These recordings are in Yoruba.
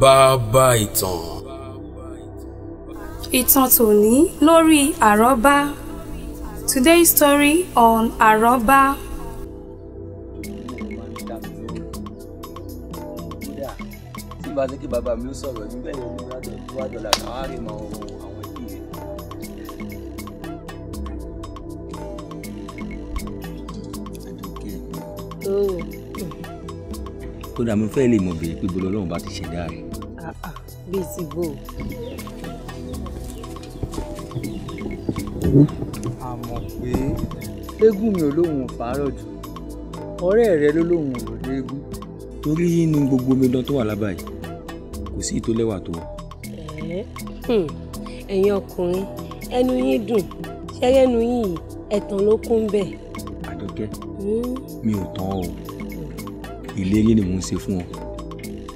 bàbá ìtàn. ìtàn tòní lórí àrọ́bá today's story on àrọ́bá. tí bá ti kí bàbá mi ó sọ̀rọ̀ níbẹ̀ kódà mi fẹ́ lè mọ̀ bèrè pé bọ́lá ọlọ́run bá ti ṣẹ̀dá rẹ̀ bíi ti bò. àmọ́ pé eégún mi ò lóun fàárọ̀ jù ọ̀rẹ́ rẹ ló lóun ò lóde eégún. torí nínú gbogbo omidan tó wà lábà yìí kò sí ìtò lẹ́wà tó. Hmm, ẹ̀yin ọkùnrin ẹnu yín dùn ṣẹ́rẹ́nu yìí ẹ̀tàn ló kún bẹ́ẹ̀. àdókẹ́ hmm. mi ò tán o ìlérí ni mò ń ṣe fún ọ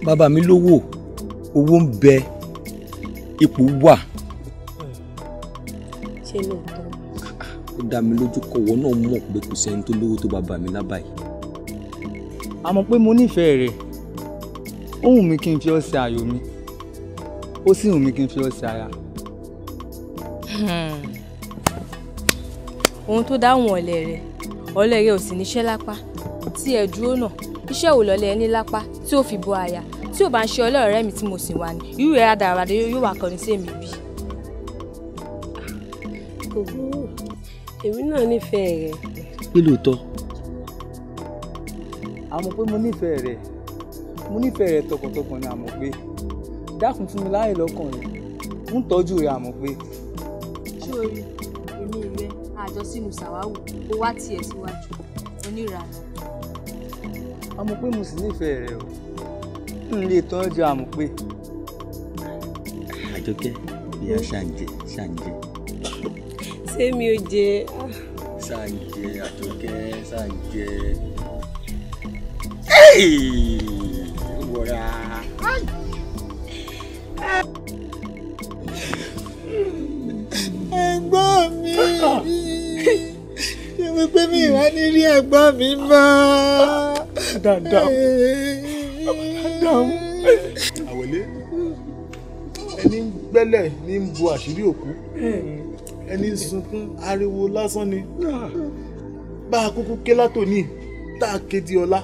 bàbá mi lówó owó ń bẹ ipò wà. ṣé lóòótọ́. ó dá mi lójú kọ ìwọ náà mọ̀ pé kò sẹ́ni tó lówó tó bàbá mi lábàá yìí. àmọ́ pé mo nífẹ̀ẹ́ rẹ̀ ó wù mí kí n fi ọ́ ṣe àyò mi ó sì wù mí kí n fi ọ́ ṣe aya. Hmm. ohun tó dáhùn ọ̀lẹ rẹ̀ ọ̀lẹ rẹ̀ ò sì níṣẹ́ lápá tí ẹ dúró náà iṣẹ́ ò lọ́lẹ̀ ní lápá tí ó fi bo àyà tí o bá ń ṣe ọlọ́ọ̀rẹ́ mi tí mo sì wà ní irú ẹ̀ àdàràdà yóò wà kọrin sí èmi bí. kò burú èmi náà nífẹ̀ẹ́ rẹ̀. pé lóòótọ́. àmọ́ pé mo nífẹ̀ẹ́ rẹ̀ mo nífẹ̀ẹ́ rẹ̀ tọkàntọkàn ni àmọ́ pé dákun fún mi láàyè lọ́kàn rẹ̀ ń tọ́jú rẹ̀ àmọ́ pé. sórí èmi rẹ àjọ sínú sàwáwù ó wá tiẹ̀ síwájú onírànà. àmọ́ pé mo sì nífẹ̀ẹ́ rẹ̀ o nílé tọ́jú àmùpé. àjọkẹ́ bí a ṣàǹjẹ ṣàǹjẹ. sẹ́mi ò jẹ. ṣàǹjẹ àjọkẹ́ ṣàǹjẹ. wọra. ẹ̀gbọ́n mi ṣe wípé mi ìwà ní rí ẹ̀gbọ́n mi mọ́. dáadáa dáhùn. àwẹ̀lé ẹni ń gbẹ́lẹ̀ ní ń bo àṣírí òkú ẹni ń sunkún ariwo lásán ni bá a kúkú ké látòní tá a ké di ọ̀la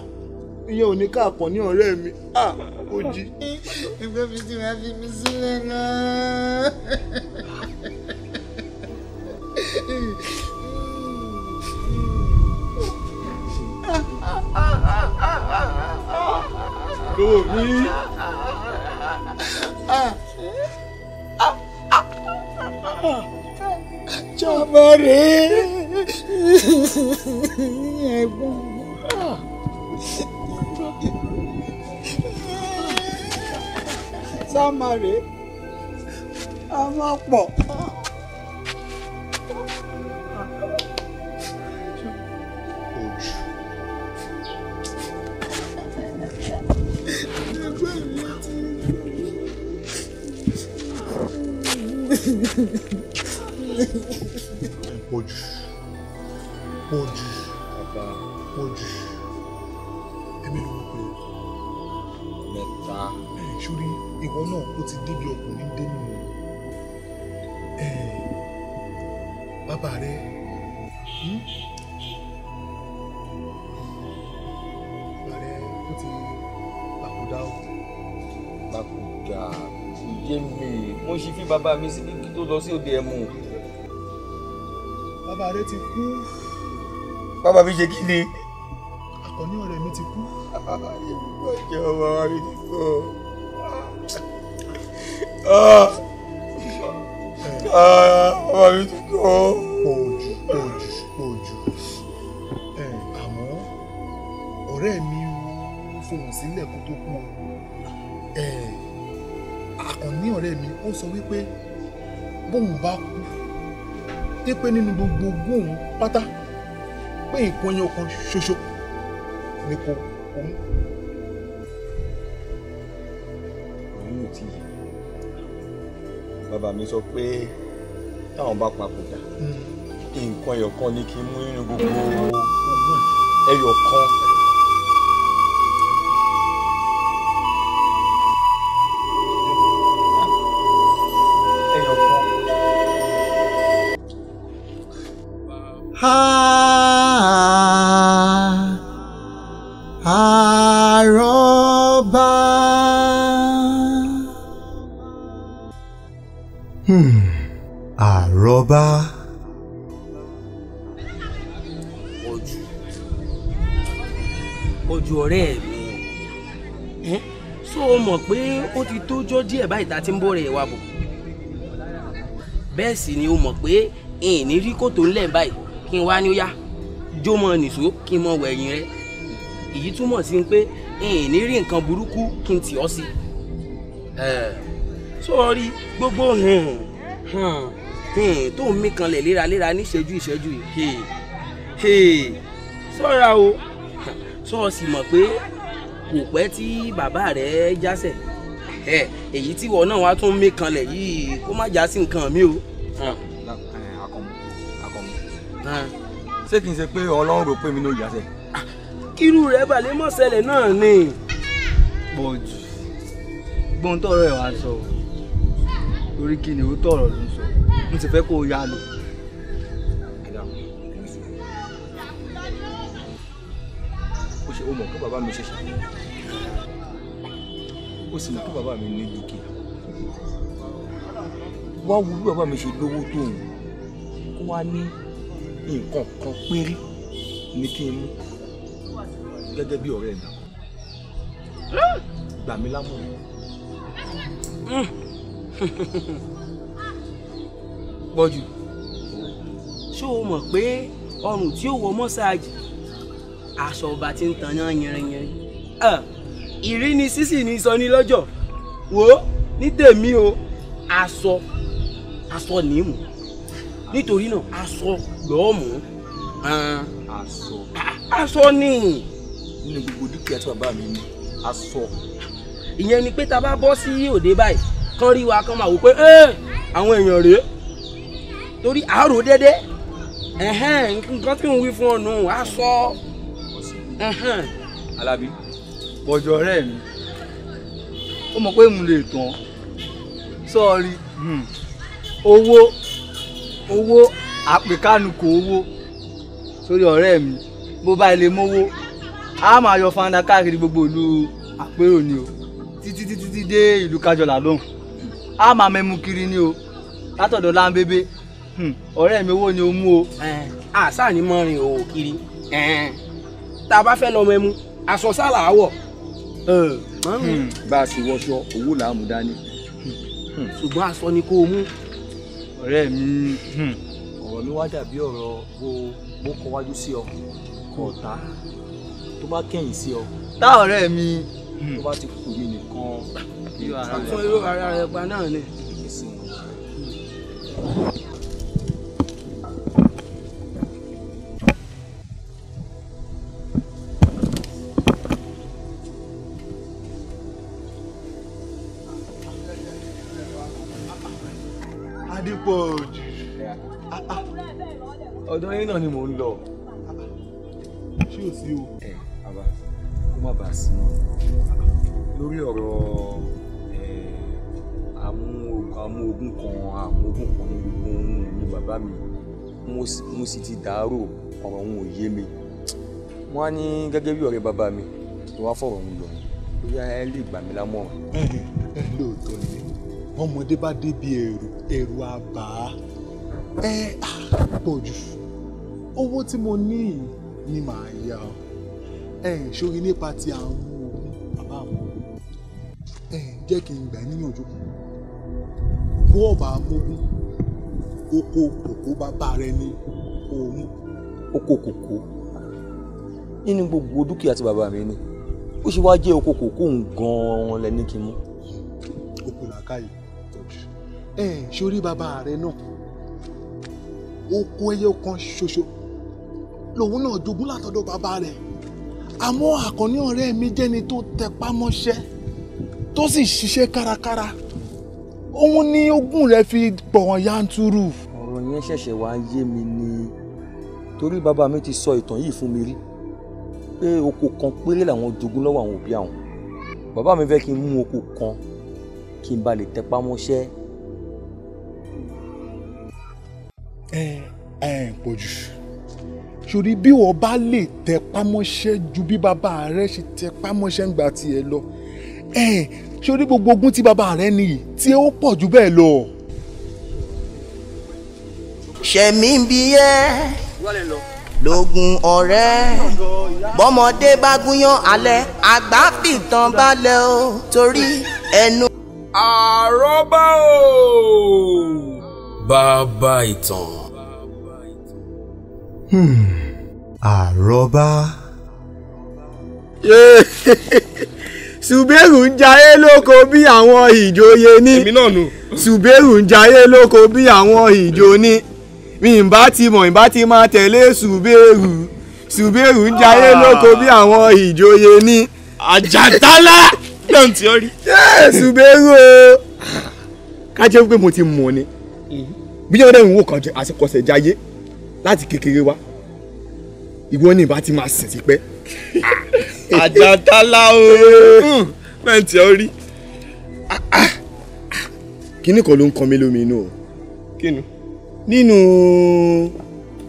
ìyẹn ò ní káàpọ̀ ní ọ̀rẹ́ mi ah, ó jí. ẹgbẹ́ mi ti máa fi mi sílẹ̀ náà. lọ́wọ́ mi. jọba rè é ẹ̀gbọ́n sáà máa rè pode pode pọ̀jù pode é melhor ń pè mẹ́ta. ṣórí ìwọ náà ó ti débi ọkùnrin dénú bàbá rẹ. Hmm? bàbá rẹ ó ti bàkúdá o. bàkúdá yé mi mo ṣì fi bàbá mi síbi kí tó lọ sí òde ẹ̀mú. bàbá rẹ ti kú. bàbá mi ṣe kí ni. àkànní ọ̀rẹ́ mi ti kú. ọjọ́ bàbá mi ti kú. bàbá mi ti kú. pòjù pòjù pòjù àmọ́ ọ̀rẹ́ mi fòhùn sílẹ̀ kó tó kú o ọ̀rẹ́ mi ó sọ wípé bóun bá kú dé pé nínú gbogbo ogún pátá pé nǹkan ẹyọ ṣoṣo ni kò òun. òun ò bàbá mi sọ pé táwọn bá papòdà hmm. nǹkan ẹyọ ni kí n mú nínú gbogbo hmm. ogún ẹyọ àrọ́bà. àrọ́bà. Hmm, ojú ojú ọ̀rẹ́ mi ṣó o mọ̀ pé ó ti tójọ́ díẹ̀ báyìí tá a ti ń bọ̀rẹ̀ ìwà bọ̀ bẹ́ẹ̀ sì ni o mọ̀ pé ìní rí kòtò ńlẹ̀ báyìí kí n wá ní ó yá jó mọ nìṣó kí n mọ wẹ̀yìn rẹ èyí túmọ̀ sí pé ìní rí nǹkan burúkú kí n tì ọ́ sí sọ́ọ́rí gbogbo tó ń mí kanlẹ̀ léraléra níṣẹ́jú ìṣẹ́jú yìí sọ́ra o sọ́ọ̀sì mọ̀ pé kò pẹ́ tí bàbá rẹ̀ jásẹ̀ èyí tí ìwọ náà wá tún mí kanlẹ̀ yìí kó má jásí nǹkan mi o ṣé kì í ṣe pé ọlọ́run rò pé mi ló yà sẹ́. irú rẹ̀ balẹ̀ mọ́ ṣẹlẹ̀ náà ni. bọ́ọ̀jù gbọ́n tọrọ ẹ̀ wá sọ torí kí ni ó tọrọ ló ń sọ mo sì fẹ́ kó o yá lò. ó ṣe ó mọ̀ pé bàbá mi ṣẹ̀ṣẹ̀ ó sì mọ̀ pé bàbá mi ní dúkìá wá wúlò bàbá mi ṣe lówó tóun kó wá ní nǹkan kan péré ni kí n mú gẹ́gẹ́ bí ọ̀rẹ́ ẹ̀dá gbà mí lámọ̀ràn. pọ̀jù ṣé o mọ̀ pé ọrùn tí ó wọ mọ́sáàjì aṣọ ọba ti ń tan yán yẹrẹyẹrẹ ìríni sísì ní sọni lọ́jọ́ wo ní tèmi o aṣọ aṣọ nìmú nítorí náà aṣọ lọ́ọ̀mù aṣọ ah, ah, aṣọ ni. nínú gbogbo dúkìá tí bàbá mi ní aṣọ. ìyẹn ni pé tá a bá bọ́ sí òde báyìí kán rí wa kán máa wò pé àwọn èèyàn rèé torí àárò dédé nǹkan tí ń wí fún ọ̀nà aṣọ. alábí bọ̀jọ̀ ọ̀rẹ́ mi ó mọ̀ pé mo lè tán sọ́ọ́rí hmm. owó owó àpèkánukò owó sórí ọ̀rẹ́ mi bó bá ilé mówó a máa yọ fanda káàkiri gbogbo ìlú àpérò ni o títí títí títí dé ìlú kájọlà lóhùn a máa mẹ́mu kiri ni o látọ̀dọ̀ láńbébé hmm, ọ̀rẹ́ mi owó ni o mú o. àṣà ni mo rìn òwò kiri tá a bá fẹ́ lọ mẹ́mu aṣọ sálà á wọ̀ bá a sì wọṣọ owó làá mú dání hmm, hmm, ṣùgbọ́n aṣọ ni kò mú ọ̀rẹ́ mi hmm. ọ̀rọ̀ mi wá dàbí ọ̀rọ̀ wo mo kọ wájú sí ọ kọ ọ̀tá tó bá kẹ̀yìn sí ọ tá ọ̀rẹ́ mi tó bá ti kù mí nìkan. fún irú ara rẹ̀ pa náà ni. sáré náà ni mò ń lọ. ṣé o sí o. ẹ bàbá kó má bàa sí náà lórí ọ̀rọ̀ amóògùn kan amóògùn kan ní gbogbo ohun ní bàbá mi mo sì ti dàárò ọ̀rọ̀ òun ò yé mi wọ́n á ní gẹ́gẹ́ bí ọ̀rẹ́ bàbá mi tó wá fọ̀rọ̀ òun lọ bóyá ẹ lè gbà mí lámọ̀ràn. ẹ lóòótọ́ ni ọmọdé bá débi èrò èrò àbá ẹ pọ̀ jù owó tí mo ní ni màá yá ọ ẹ̀yìn sórí nípa ti àwọn ogun bàbá àwọn ẹ̀yìn jẹ́ kí n gbà níyànjú kan bó ọ̀bà amógún oko kòkó bàbá rẹ ní òun. oko kòkó nínú gbogbo dúkìá tí bàbá mi ní ó ṣe wá jẹ́ oko kòkó gan-an lẹ́ni kí n mú. oko làákàyè tọ́jú sórí bàbá rẹ náà oko ẹyẹ kan ṣoṣo lòun náà jogún látọ̀dọ̀ bàbá rẹ̀ àmọ́ àkànní ọ̀rẹ́ mi jẹ́ni tó tẹpá mọ́ṣẹ́ tó sì ṣiṣẹ́ kárakára òun ni ogún rẹ̀ fi pọ̀wọ̀n yanturu. ọ̀rọ̀ yẹn ṣẹ̀ṣẹ̀ wá yé mi ni torí bàbá mi ti sọ ìtàn yìí fún mi rí pé oko kan péré làwọn jogún lọ́wọ́ àwọn òbí àwọn bàbá mi fẹ́ kí n mú oko kan kí n ba lè tẹpá mọ́ṣẹ́. ẹ ẹ pọ̀ jù sórí bí wọ́n bá lè tẹpá mọ́ṣẹ́ ju bí bàbá rẹ ṣe tẹpá mọ́ṣẹ́ ń gbà tiẹ̀ lọ ẹ̀ sórí gbogbo ogun tí bàbá rẹ nìyí tí ó pọ̀ jù bẹ́ẹ̀ lọ. ṣẹ̀mí ń bí yẹ́ lógún ọ̀rẹ́ bọ́mọdé bá gúnyán alẹ́ àgbà fìtàn balẹ̀ o torí ẹnu. àròbá o bàbá ìtàn. Hmm àrọ́bá. ṣùbẹ́rù ń jayé lóko bí àwọn ìjòyè ní ṣùbẹ́rù ń jayé lóko bí àwọn ìjò ní mi ì bá ti mọ̀ ì bá ti máa tẹ̀lé ṣùbẹ́rù ṣùbẹ́rù ń jayé ah. lóko bí àwọn ìjòyè ní. àjàdálá náà ti ọ rí. ṣùbẹ́rù o ká jẹ́ pé mo ti mọ̀ ni mm-hmm. bí yóò dẹ́rù wò kàn jẹ́ àsìkò ọ̀sẹ̀ jayé láti kékeré wa ìwọ ni ìbá ti máa sìn sí pẹ́. Ah, àjàtálá o mẹ́ǹtì ọ rí. kíní kan ló ń kan mi lómi inú o. kíni. nínú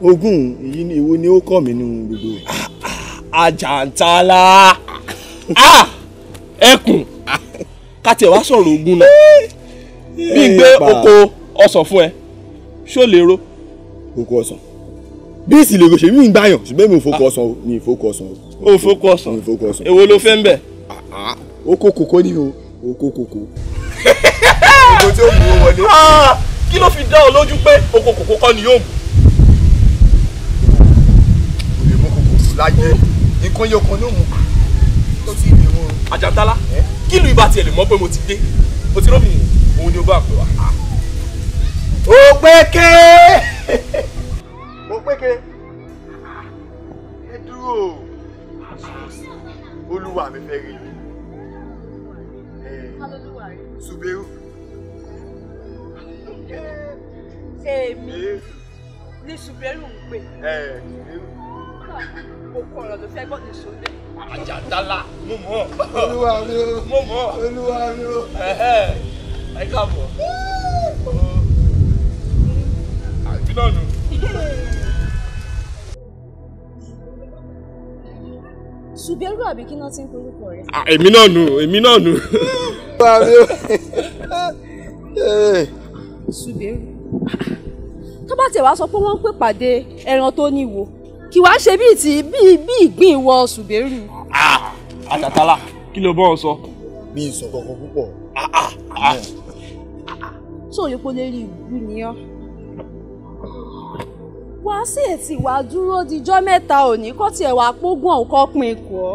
ogún èyí ni èwo ni ó kọ́ mi nínú gbogbo rẹ̀. Ah, ah, àjàtálá ẹkùn káti ẹ̀ wá sọ̀rọ̀ ogún náà bí n gbé oko ọsàn fún ẹ ṣó lè ro. oko ọsàn bí ìsìlè kò ṣe mí ń gbàyàn ṣùgbọ́n mi ò fokò ọsàn o mi ò fokò ọsàn o. o fokò ọsàn mi ò fokò ọsàn. èwo ló fẹ́ ń bẹ̀. Ah, ah, o kò kòkó ni o o kò kòkó. kòkó tí ó mú o wọlé. Ah, kí ló fi dá ọ lójú pé o kò kòkó kọ́ ni yóò mú. kò lè mú kòkó láyé ikán yóò kan ló mú tó sì lè mú. àjàntálá kí lu ibà tiẹ̀ lè mọ̀ pé mo ti dé mo ti rọ́bìnrin òun ni o bá pè wá. ó pé kéé. péke ẹ dúró olúwa mi fẹ́ rí ẹ ṣùgbẹ́rù. èmi ní ṣùgbẹ́rù ń pè. ẹ ṣùgbẹ́rù. ọ̀rọ̀ ló fẹ́ gbọ́dọ̀ sóde. àjàdálà mo mọ̀. olúwa mi o mo mọ̀. olúwa mi o. ẹ káàbọ̀. àbí nù. ṣùgbẹ́rù àbí kí náà ti ń korúkọ rẹ. Ah, èmi náà nù èmi náà nù. ṣùgbẹ́rù tó bá tiẹ̀ wá sọ pé wọ́n ń pè pàdé ẹran tó níwo kì wá ṣe bíi ti bíi bíi ìgbín ìwọ ṣùgbẹ́rù. Ah, àtàtàlà kí ló bọ́ ọ sọ. mi ì sọ kankan púpọ̀. sóòyè ah, kó lè rí ìlú nìyẹn wá sí ètì wá dúró dijọ́ mẹ́ta òní kó tiẹ̀ wá pógùn ọ̀hún kọ́ pin ikú ọ.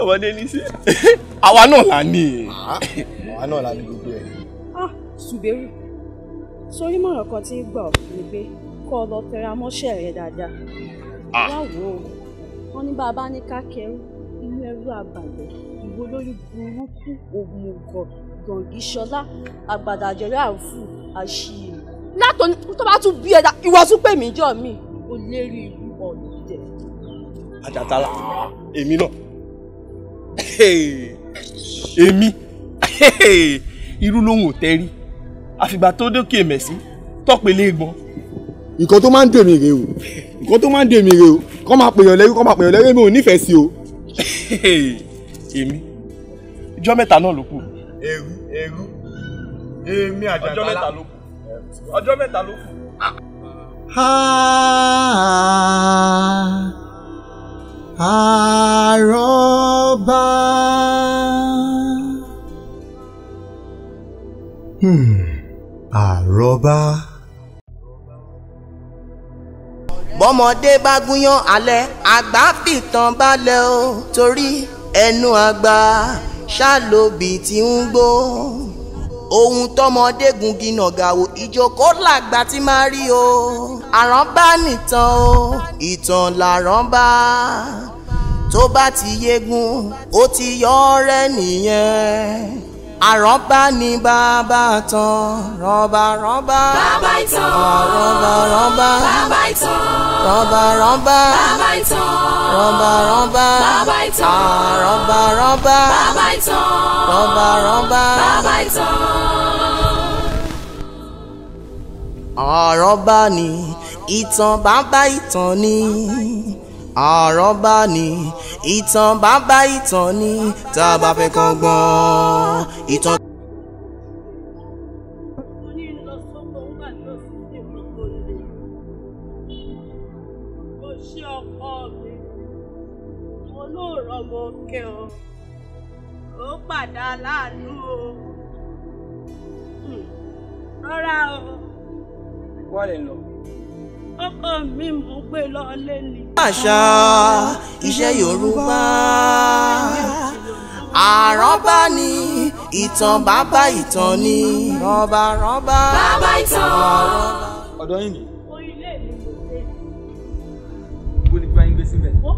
ọmọdé ní sí àwa náà là ní. Ah, àwa náà là ní gbogbo ẹ. ah ṣùgbẹ́rù sórí mọ̀ràn kan tí ń gbà ọ́ ni pé kọ́ ọ lọ tẹra mọ́ṣẹ́ rẹ dáadáa. Ah. wá wò ó wọn ní bàbá ní ká inú ẹrú àgbàgbẹ́ ìwo lórí burúkú òmùgọ̀ gàngíṣọlá àgbàdàjẹrẹ àǹfù àṣìírí látọ̀ tó bá tún bí ẹ̀dá ìwọ tún pè mí jọ mi olórí ìlú ọ̀dẹ̀. àjàtàlà èmi náà èmi irú lòun ò tẹ́rí àfìgbà tó dókè mẹ̀sí tọ́pẹ́ léegbọn. nǹkan tó máa ń dèmi rèé o nǹkan tó máa ń dèmi rèé o kọ́ máa pèèyàn lẹ́rú kọ́ máa pèèyàn lẹ́rú èmi ò nífẹ̀ẹ́ sí o. èmi ìjọ mẹ́ta náà ló kù. ẹrú ẹrú èmi àjàtàlà ọjọ́ mẹ́ta ló kù ọjọ́ mẹ́ta ló kù àrọ́bà. àrọ́bà. Hmm, bọ́mọdé bá gúnyán alẹ́ àgbà fìtàn balẹ̀ o torí ẹnu àgbà ṣáà tí ń gbó ohun tọmọdé gungi nàgàwò ìjókòó làgbà tí máa rí o àrán bá nìtàn o ìtàn làrán bá tó bá ti yegun ó ti yọ ọ̀rẹ́ nìyẹn àrọ́bá ni bàbá tán rọ́bà rọ́bà bàbá ìtàn rọ́bà rọ́bà bàbá ìtàn rọ́bà rọ́bà bàbá ìtàn rọ́bà rọ́bà bàbá ìtàn rọ́bà rọ́bà bàbá ìtàn rọ́bà rọ́bà bàbá ìtàn. àrọ́bá ni ìtàn bàbá ìtàn ni àrán bá ní ìtàn bàbá ìtàn ní tá a bá fẹ́ kàn gbọ́n ìtàn. àṣà iṣẹ́ Yorùbá àrọ́bá ni ìtàn bàbá ìtàn ni rọ́bà rọ́bà. bàbá ìtàn. ọ̀dọ́ yìí ni. orílẹ̀ èdè ìgbòho. bó ni bí wàá ń gbé síbẹ̀. wọ́n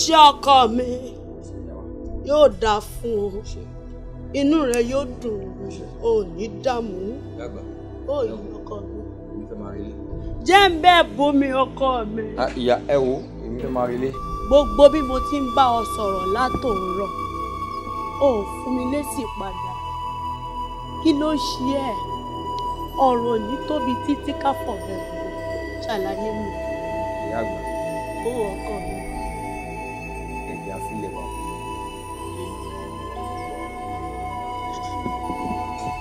ṣe ọkọ mi yóò dáa fún ọ inú rẹ yóò dùn ò ní dààmú ó yí ọkọ mi jẹ́ ń bẹ́ẹ̀ bomi ọkọ mi. Ah, ìyá ẹ wo èmi fẹ́ máa relé. gbogbo bí mo ti ń bá ọ sọ̀rọ̀ látòórọ̀ ò fún mi lésì padà kí ló ṣe ẹ́ ọ̀rọ̀ ní tóbi títí káfọ̀ bẹ̀rẹ̀ ṣàlàyé mi. ìyá àgbà. ó wọ ọkọ mi padà sílé wa.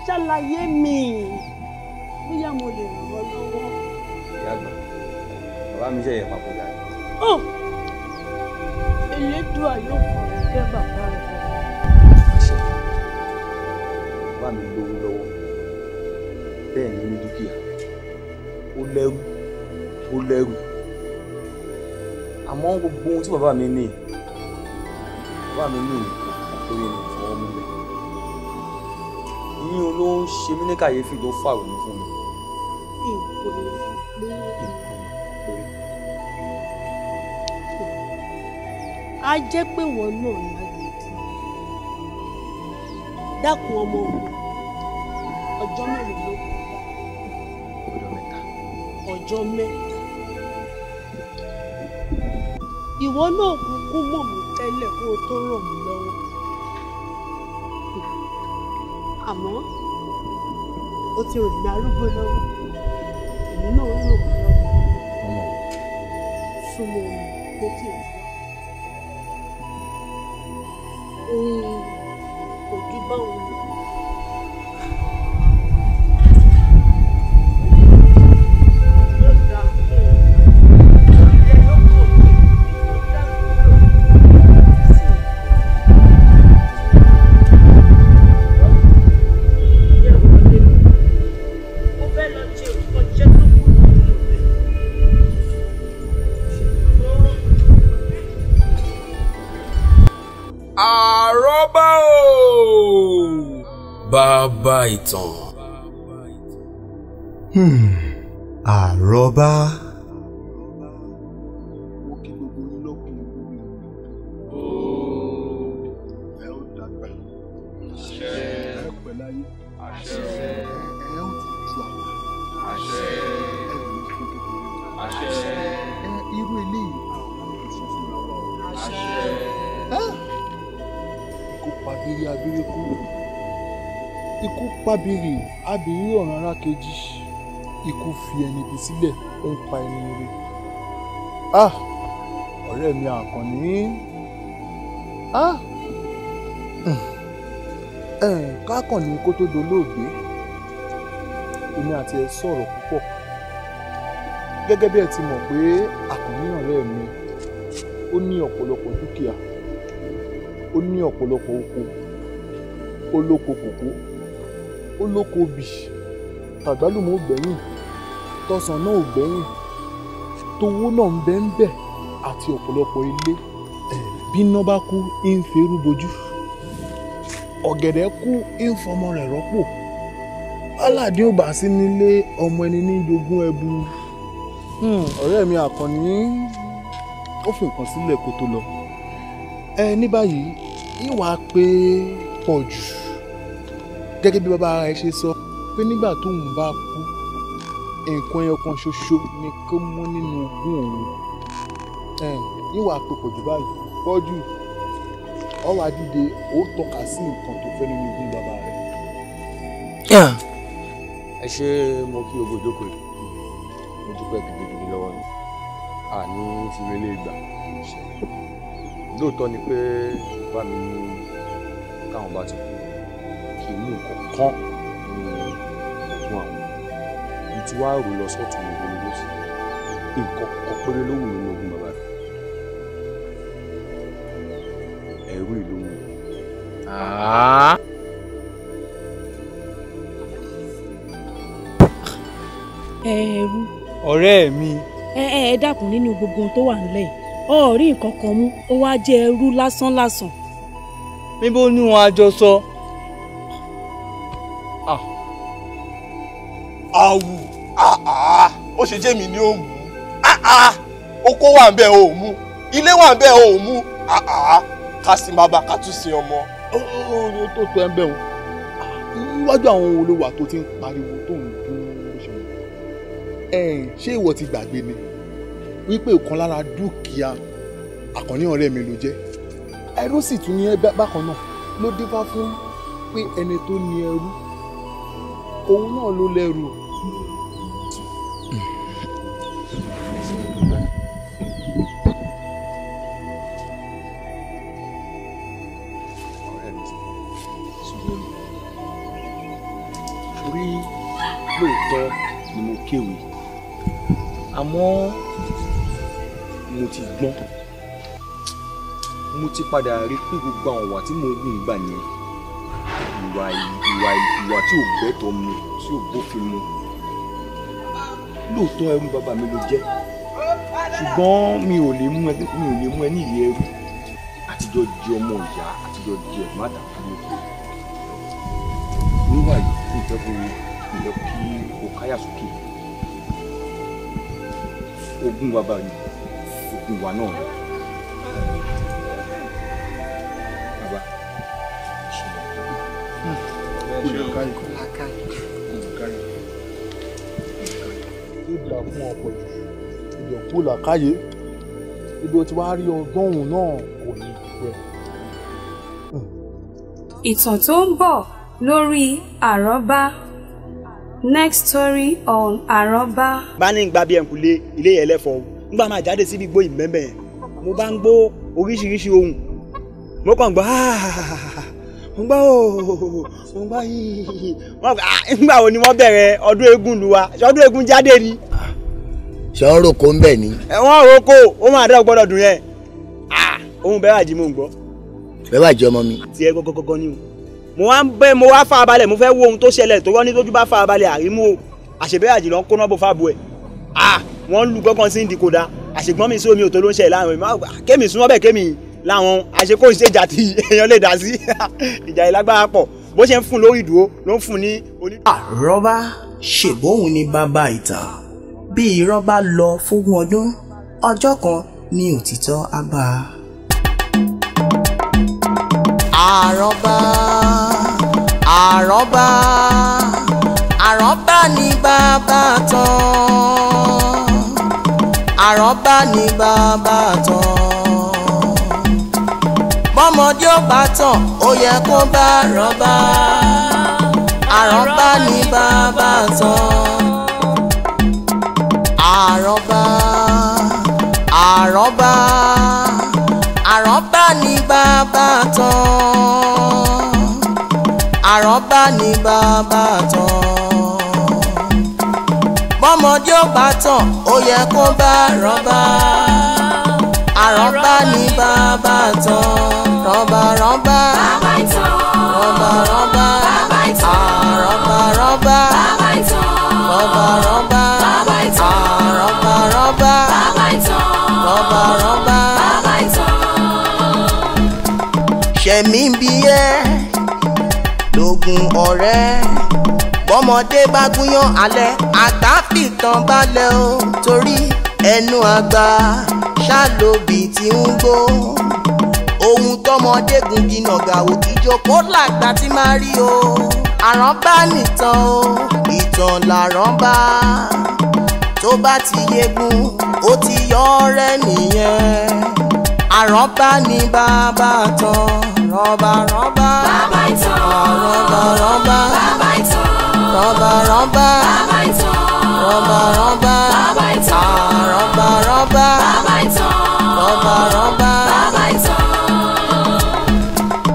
ṣàlàyé mi bóyá mo lè ràn ọ́ lọ́wọ́. ìyá àgbà bàbá mi ṣẹ̀yẹ̀ papòdà. ó elédùà yóò kàn án kẹ́ bàbá rẹ̀. bàbá mi lówó lọ́wọ́ bẹ́ẹ̀ ni ní dúkìá ó lẹ́rù ó lẹ́rù àmọ́ gbogbo ohun tí bàbá mi ní bàbá mi ní ìkòkò ẹni ìfọwọ́ mú mi yíyan ló ń ṣe mí ní kàyéfì tó fàrò ní fún mi. a jẹ́ pé wọ́n náà ní agbègbè dákun ọmọ òun ọjọ́ mẹ́rin ló kù. ọjọ́ mẹ́ta. ọjọ́ mẹ́ta. ìwọ náà kúkú mọ̀ mí tẹ́lẹ̀ kó o tó ràn mí lọ́wọ́ àmọ́ o ti rìn arúgbó lọ́wọ́ èmi náà ń ràn mí lọ́wọ́ súnmọ́ mi létí èmi. ìtàn. àròbá. Hmm. pábìrì ábìrì ọ̀ràn ara kejì ikú fi ẹni bí sílẹ̀ ó ń pa ẹni rè ah ọ̀rẹ́ mi àkànní ah hm, kákànní kó tó dolóògbé èmi àti ẹ sọ̀rọ̀ púpọ̀ gẹ́gẹ́ bí ẹ ti mọ̀ pé àkànní ọ̀rẹ́ mi ó ní ọ̀pọ̀lọpọ̀ dúkìá ó ní ọ̀pọ̀lọpọ̀ oko ó lóko kòkó ó lóko bì tàgbálùmọ̀ ò gbẹ̀yìn tọ̀sán náà ò gbẹ̀yìn towó náà ń bẹ́ ń bẹ̀ àti ọ̀pọ̀lọpọ̀ ilé bí iná bá kú ń ferú bojú ọ̀gẹ̀dẹ̀ kú ń fọmọ rẹ̀ rọ́pò aládé ò bá sí nílé ọmọ ẹni ní jogún ẹbu hmm, ọ̀rẹ́ mi àkànní ó fi nǹkan sílẹ̀ kó tó lọ ẹ ní báyìí ìwà pé pọ̀ jù gẹ́gẹ́ bí bàbá rẹ̀ ṣe sọ pé nígbà tóun bá kú nǹkan ẹyọ ṣoṣo ni kó mú nínú ogún òun níwà pé jù báyìí pọ̀ ọwọ́ àdìde ó tọ́ka sí nǹkan tó fẹ́ nínú ogún bàbá rẹ̀. ẹ ṣe mo kí ogo jókòó yìí mo dúpẹ́ gidigidi lọ́wọ́ yìí àní ti relé ìgbà lóòótọ́ ni pé bá mi káwọn bá ti kú àdúgbò kọ̀ọ̀kan fún àwọn ibi tí wàá rò lọ sọ́tún ní ìlú lọ́sí nǹkan kan péré ló wù nínú ogun bàbá rẹ̀ ẹ̀rú ìlú wù. Ah. ẹ̀rú. ọ̀rẹ́ mi. ẹ ẹ dákun nínú gbogbo tó wà nílẹ̀ yìí nǹkan kan mú ó wá jẹ́ ẹrú lásán lásán. níbo ni wọn a jọ sọ. So? ṣe jẹ́mi ni ó mú ah, ah, oko wà ń bẹ ò mú ilé wà ń bẹ ò mú ah, ká sì máa bá ká tún ṣe ọmọ. ó tó tó ẹ ń bẹ̀ wọ́n níwájú àwọn olówó àtò tí ń pariwo tó ń bú ṣe wọn. ẹ ṣé ìwọ ti gbàgbé ni wípé ọ̀kan lára dúkìá àkànní ọ̀rẹ́ mi ló jẹ́ ẹrú sì tún ní bákan náà ló dé bá fún pé ẹni tó ní ẹrú òun náà ló lẹ́rù. kéwì àmọ́ mo ti gbọ́n mo ti padà rí pé gbogbo àwọn ìwà tí mo ń gùn gbà yẹn ìwà ìwà ìwà tí ò gbẹ́tọ̀ mu tí ò bófin mu lóòótọ́ ẹrú bàbá mi ló jẹ́ ṣùgbọ́n mi ò lè mú ẹ mi ò lè mú ẹ ní ìlú ẹrú àtijọ́ di ọmọ ìyá àtijọ́ di ẹ̀ má dà kúrò níwáyé ìfẹ́ fún mi ìfẹ́ kí o káyà sókè ogún bàbá mi ogún wa náà ni. bàbá ìgbà làkàyè ibi ó ti wá rí ọgọ́rùn náà kò ní gbẹ. ìtàn tó ń bọ̀ lórí àrọ́bá next story on àrọ́bá. bá ní gba bí ẹ̀kúlé ilé yẹn lẹ́fọ̀ọ́ nígbà máa jáde síbi gbó ìmẹ́mẹ́ mo bá ń gbọ́ oríṣiríṣi ohun mo kàn gbọ́ mo gbọ́ ooo mo gbọ́ yìí ah, nígbà wo ni wọ́n bẹ̀rẹ̀ ọdún eégún lu wa ọdún eégún jáde ni. ṣé wọn roko ń bẹ ni. ẹ wọn roko ó máa dá ọgbọ́dọ̀ dùn yẹn ah, ohun bẹ́ẹ̀ wà jí mò ń gbọ́. bẹ́ẹ̀ wà jí ọmọ mi. tiẹ̀ gọ́gọ́gọ́gọ́ ni o mo wá ń bẹ́ mo wá fa abalẹ̀ mo fẹ́ wo ohun tó ṣẹlẹ̀ tó rọ́ ní tójú bá fa abalẹ̀ àrímú o àṣebẹ́ àjìlọ ń kóná bò fáàbù ẹ̀ ah wọ́n lu gọ́gàn sí ìdí kódà àṣegbọ́n mi sí omi òtó ló ń ṣẹlẹ̀ láàrin kémi súnmọ́ bẹ́ẹ̀ kémi láwọn àṣekó ìṣèjà tí èèyàn lè dá sí ìjà ìlágbára pọ̀ bó ṣe ń fún lórí ìdúró ló ń fún ní oní. àrọ́bá ṣègbóhùn ni bàbá ìtàn bí irọ́ lọ fógún ọdún ọjọ́ kan ni òtítọ́ á bá àrọ́bá àrọ́bá ni bàbá tán àrọ́bá ni bàbá tán bọ́mọdé ò bá tàn ó yẹ kó bá rọ́bá àrọ́bá ni bàbá tán àrọ́bá àrọ́bá àrọ́bá ni bàbá tán àrọ́bá ni bàbá tán bọ́mọdé ò bá tàn ó yẹ kó bá rọ́bà àrọ́bá ni bàbá tán rọ́bà rọ́bà rọ́bà rọ́bà àrọ́bà rọ́bà rọ́bà rọ́bà àrọ́bà rọ́bà rọ́bà rọ́bà ṣẹ̀mí bí lógún ọ̀rẹ́ bọ́mọdé bá gúnyán alẹ́ àtàfìtàn balẹ̀ o torí ẹnu àgbà ṣàlóbì tí ń gbó ohun tọmọdé gungi nàgà òkìjọ kó làgbà tí máa rí o àrán bá nìtàn o ìtàn làrán bá tó bá ti yegun ó ti yọ ọ̀rẹ́ nìyẹn àrán bá ní bàbá tán rọ́bà rọ́bà. bàbá ìtàn. rọ́bà rọ́bà. bàbá ìtàn. rọ́bà rọ́bà. bàbá ìtàn. rọ́bà rọ́bà. bàbá ìtàn. rọ́bà ah, rọ́bà. bàbá ìtàn. rọ́bà rọ́bà.